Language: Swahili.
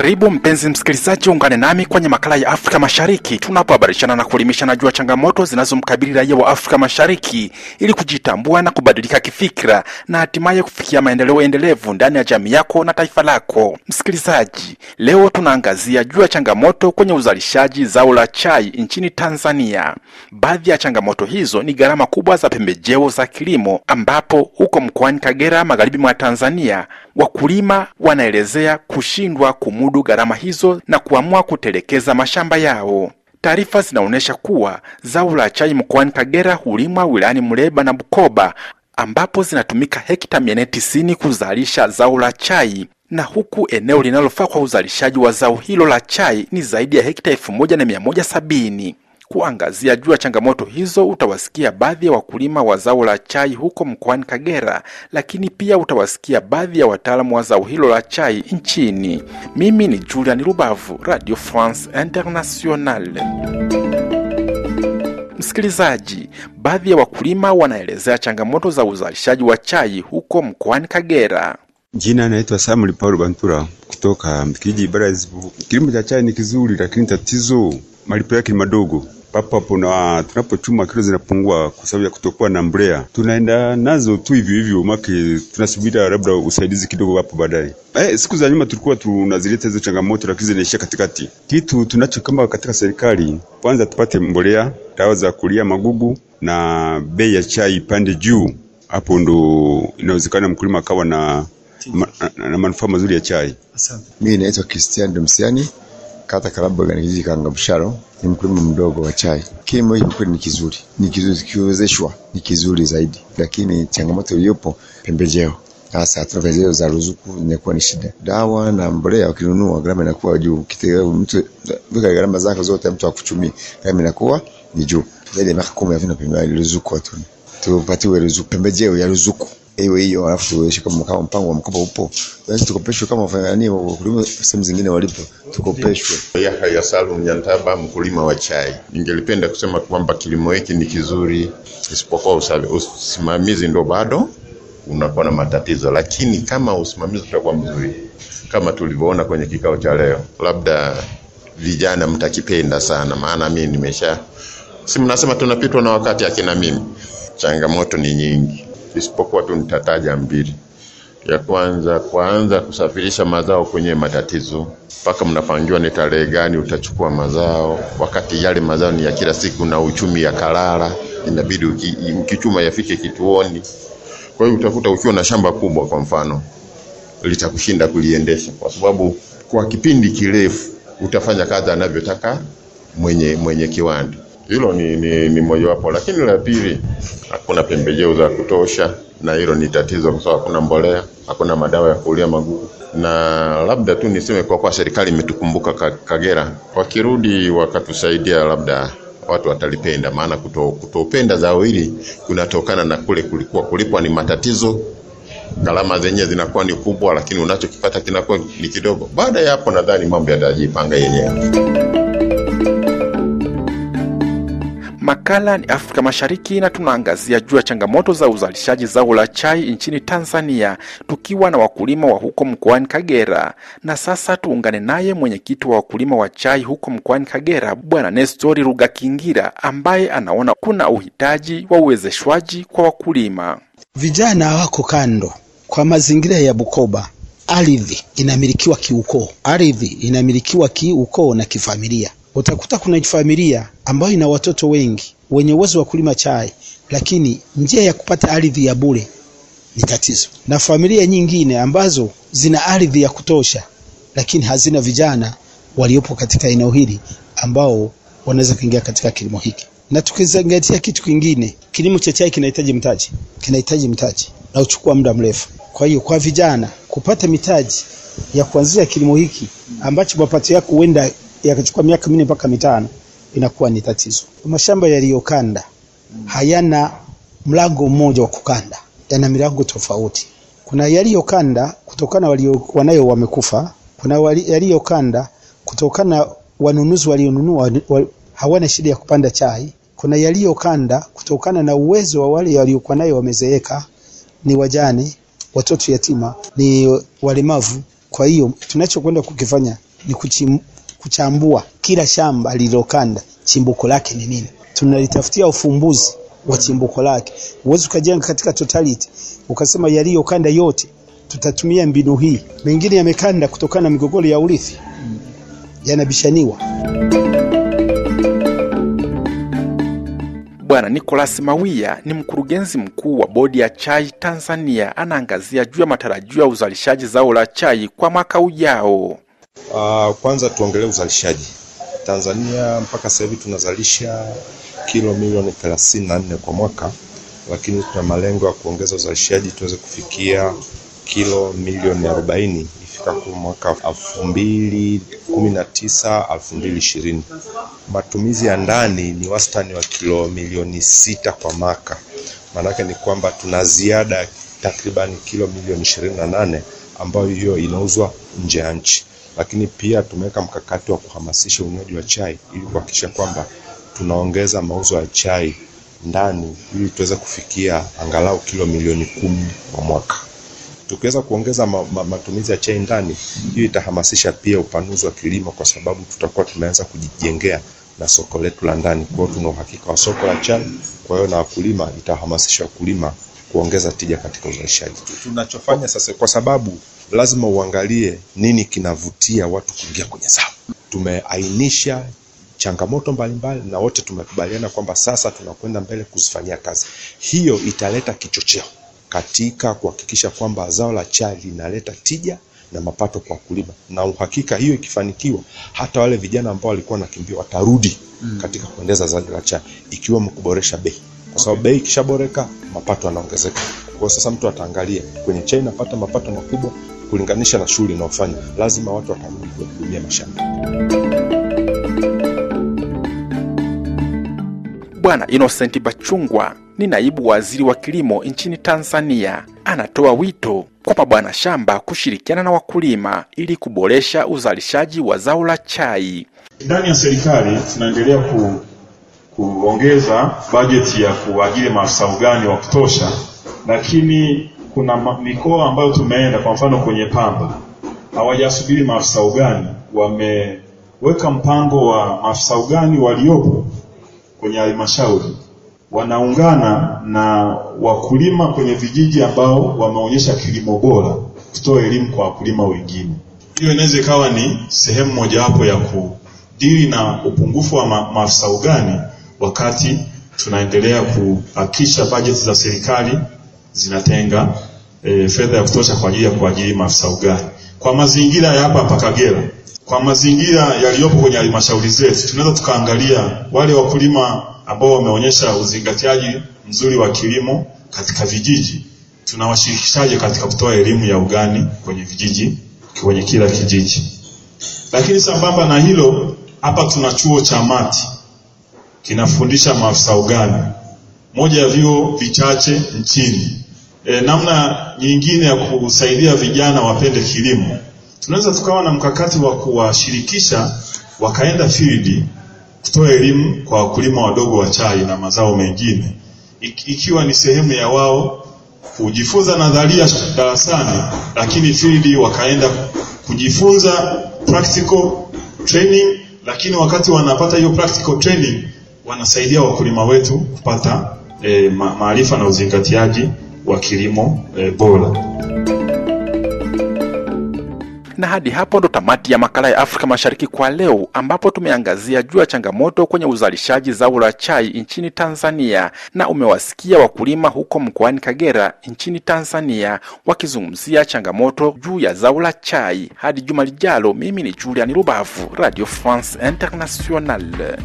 Karibu mpenzi msikilizaji, ungane nami kwenye makala ya Afrika Mashariki tunapohabarishana na kuelimishana juu ya changamoto zinazomkabili raia wa Afrika Mashariki ili kujitambua na kubadilika kifikira na hatimaye kufikia maendeleo endelevu ndani ya jamii yako na taifa lako. Msikilizaji, leo tunaangazia juu ya changamoto kwenye uzalishaji zao la chai nchini Tanzania. Baadhi ya changamoto hizo ni gharama kubwa za pembejeo za kilimo, ambapo huko mkoani Kagera, magharibi mwa Tanzania, wakulima wanaelezea kushindwa kumudu kumudu gharama hizo na kuamua kutelekeza mashamba yao. Taarifa zinaonyesha kuwa zao la chai mkoani Kagera hulimwa wilayani Muleba na Bukoba ambapo zinatumika hekta mia nne tisini kuzalisha zao la chai na huku eneo linalofaa kwa uzalishaji wa zao hilo la chai ni zaidi ya hekta elfu moja na mia moja sabini. Kuangazia juu ya changamoto hizo, utawasikia baadhi ya wakulima wa zao la chai huko mkoani Kagera, lakini pia utawasikia baadhi ya wataalamu wa zao hilo la chai nchini. Mimi ni Julian Rubavu, Radio France Internationale. Msikilizaji, baadhi ya wakulima wanaelezea changamoto za uzalishaji wa chai huko mkoani Kagera. Jina naitwa Samuel Paul Bantura kutoka kijiji Barazibu. Kilimo cha chai ni kizuri, lakini tatizo malipo yake ni madogo hapo na tunapochuma kilo zinapungua kwa sababu ya kutokuwa na mbolea. Tunaenda nazo tu hivyo hivyo, maki tunasubiri labda usaidizi kidogo hapo baadaye. Eh, siku za nyuma tulikuwa tunazileta hizo changamoto, lakini zinaisha katikati. Kitu tunacho kama katika serikali, kwanza tupate mbolea, dawa za kulia magugu na bei ya chai pande juu. Hapo ndo inawezekana mkulima akawa na, ma, na, na manufaa mazuri ya chai. Asante. Mimi naitwa Christian Dumsiani kata karabu Karabo Ganikizi Kangabusharo ni mkulima mdogo wa chai. Kilimo hiki kweli ni kizuri, ni kizuri, kiwezeshwa ni kizuri zaidi, lakini changamoto iliyopo pembejeo hasa pembejeo za ruzuku inakuwa ni shida. Dawa na mbolea ukinunua gharama inakuwa juu. kitega mtu vika gharama zako zote mtu akuchumie, gharama inakuwa ni juu. Zaidi ya miaka ya vina pembejeo ruzuku watu. Tupatiwe ruzuku pembejeo ya ruzuku hiyo hiyo, alafu shika kama kama mpango wa mkopo upo, basi tukopeshwe kama wafanyani wa kulima sehemu zingine walipo, tukopeshwe. ya Salum Nyantaba, mkulima wa chai. Ningelipenda kusema kwamba kilimo hiki ni kizuri, isipokuwa usimamizi ndio bado unakuwa na matatizo, lakini kama usimamizi utakuwa mzuri kama tulivyoona kwenye kikao cha leo, labda vijana mtakipenda sana, maana mimi nimesha si mnasema tunapitwa na wakati, akina mimi changamoto ni nyingi isipokuwa tu nitataja mbili. Ya kwanza, kwanza kusafirisha mazao kwenye matatizo, mpaka mnapangiwa ni tarehe gani utachukua mazao, wakati yale mazao ni ya kila siku na uchumi ya kalala, inabidi uki, ukichuma yafike kituoni. Kwa hiyo utakuta ukiwa na shamba kubwa, kwa mfano, litakushinda kuliendesha kwa sababu kwa kipindi kirefu utafanya kazi anavyotaka mwenye, mwenye kiwanda. Hilo ni, ni, ni mojawapo, lakini la pili, hakuna pembejeo za kutosha, na hilo ni tatizo kwa sababu hakuna mbolea, hakuna madawa ya kuulia magugu. Na labda tu niseme kwa kuwa serikali imetukumbuka Kagera, wakirudi wakatusaidia, labda watu watalipenda, maana kutopenda zao hili kunatokana na kule kulikuwa kulipwa ni matatizo gharama zenyewe zinakuwa ni kubwa, lakini unachokipata kinakuwa ni kidogo. Baada ya hapo, nadhani mambo yatajipanga yenyewe. Makala ni Afrika Mashariki na tunaangazia juu ya changamoto za uzalishaji zao la chai nchini Tanzania, tukiwa na wakulima wa huko mkoani Kagera. Na sasa tuungane naye mwenyekiti wa wakulima wa chai huko mkoani Kagera, Bwana Nestori Rugakingira, ambaye anaona kuna uhitaji wa uwezeshwaji kwa wakulima vijana. Wako kando kwa mazingira ya Bukoba, ardhi inamilikiwa kiukoo, ardhi inamilikiwa kiukoo na kifamilia Utakuta kuna familia ambayo ina watoto wengi wenye uwezo wa kulima chai, lakini njia ya kupata ardhi ya bure ni tatizo, na familia nyingine ambazo zina ardhi ya kutosha, lakini hazina vijana waliopo katika eneo hili ambao wanaweza kuingia katika kilimo hiki. Na tukizingatia kitu kingine, kilimo cha chai kinahitaji mtaji, kinahitaji mtaji na uchukua muda mrefu. Kwa hiyo kwa vijana kupata mitaji ya kuanzia kilimo hiki ambacho mapato yako huenda yakachukua miaka minne mpaka mitano inakuwa ni tatizo. Mashamba yaliyokanda hayana mlango mmoja wa kukanda, yana milango tofauti. Kuna yaliyokanda kutokana walio wanayo wamekufa, kuna yaliyokanda kutokana wanunuzi walionunua wal, hawana shida ya kupanda chai, kuna yaliyokanda kutokana na uwezo wa wale waliokuwa nayo wamezeeka, ni wajane, watoto yatima, ni walemavu. Kwa hiyo tunachokwenda kukifanya ni kuchim, kuchambua kila shamba lililokanda chimbuko lake ni nini. Tunalitafutia ufumbuzi wa chimbuko lake. uwezi ukajenga katika totality ukasema yaliyokanda yote tutatumia mbinu hii. Mengine yamekanda kutokana na migogoro ya urithi, yanabishaniwa. Bwana Nicholas Mawia ni mkurugenzi mkuu wa bodi ya chai Tanzania, anaangazia juu ya matarajio ya uzalishaji zao la chai kwa mwaka ujao. Uh, kwanza tuongelee uzalishaji. Tanzania mpaka sasa hivi tunazalisha kilo milioni 34 kwa mwaka, lakini tuna malengo ya kuongeza uzalishaji tuweze kufikia kilo milioni 40 ifika kwa mwaka 2019 2020. Matumizi ya ndani ni wastani wa kilo milioni sita kwa mwaka. Maanake ni kwamba tuna ziada takriban kilo milioni 28 ambayo hiyo inauzwa nje ya nchi. Lakini pia tumeweka mkakati wa kuhamasisha unywaji wa chai ili kuhakikisha kwamba tunaongeza mauzo ya chai ndani ili tuweze kufikia angalau kilo milioni kumi kwa mwaka. Tukiweza kuongeza ma, ma, matumizi ya chai ndani, hiyo itahamasisha pia upanuzi wa kilimo, kwa sababu tutakuwa tumeanza kujijengea na soko letu la ndani. Kwa hiyo tuna uhakika wa soko la chai, kwa hiyo na wakulima, itahamasisha wakulima kuongeza tija katika uzalishaji tunachofanya sasa, kwa sababu lazima uangalie nini kinavutia watu kuingia kwenye zao. Tumeainisha changamoto mbalimbali mbali, na wote tumekubaliana kwamba sasa tunakwenda mbele kuzifanyia kazi. Hiyo italeta kichocheo katika kuhakikisha kwamba zao la chai linaleta tija na mapato kwa wakulima, na uhakika hiyo ikifanikiwa, hata wale vijana ambao walikuwa wanakimbia watarudi mm, katika kuendeza zao la chai, ikiwemo kuboresha bei, kwa sababu bei ikishaboreka mapato yanaongezeka. Kwa sasa mtu ataangalia kwenye chai napata mapato makubwa kulinganisha na shughuli inayofanya, lazima watu watarudi kuhudumia mashamba. Bwana Innocent Bachungwa ni naibu waziri wa kilimo nchini Tanzania, anatoa wito kwa mabwana shamba kushirikiana na wakulima ili kuboresha uzalishaji wa zao la chai. Ndani ya serikali tunaendelea ku, kuongeza bajeti ya kuajiri maafisa ugani wa kutosha, lakini kuna mikoa ambayo tumeenda, kwa mfano kwenye Pamba hawajasubiri maafisa ugani, wameweka mpango wa maafisa ugani waliopo kwenye halmashauri wanaungana na wakulima kwenye vijiji ambao wameonyesha kilimo bora, kutoa elimu kwa wakulima wengine. Hiyo inaweza ikawa ni sehemu mojawapo ya kudili na upungufu wa maafisa ugani wakati tunaendelea kuhakisha bajeti za serikali zinatenga e, fedha ya kutosha kwa ajili ya kuajiri maafisa ugani. Kwa mazingira ya hapa Kagera, kwa mazingira yaliyopo kwenye halmashauri zetu, tunaweza tukaangalia wale wakulima ambao wameonyesha uzingatiaji mzuri wa kilimo katika vijiji, tunawashirikishaje katika kutoa elimu ya ugani kwenye vijiji, kwenye kila kijiji. Lakini sambamba na hilo, hapa tuna chuo cha MATI kinafundisha maafisa ugani moja ya vyuo vichache nchini. E, namna nyingine ya kusaidia vijana wapende kilimo, tunaweza tukawa na mkakati wa kuwashirikisha wakaenda field kutoa elimu kwa wakulima wadogo wa chai na mazao mengine, ikiwa ni sehemu ya wao kujifunza nadharia darasani, lakini field wakaenda kujifunza practical training, lakini wakati wanapata hiyo practical training wanasaidia wakulima wetu kupata e, maarifa na uzingatiaji wa kilimo e, bora. Na hadi hapo ndo tamati ya makala ya Afrika Mashariki kwa leo, ambapo tumeangazia juu ya changamoto kwenye uzalishaji zao la chai nchini Tanzania, na umewasikia wakulima huko mkoani Kagera nchini Tanzania wakizungumzia changamoto juu ya zao la chai. Hadi juma lijalo, mimi ni Julian Rubavu, Radio France Internationale.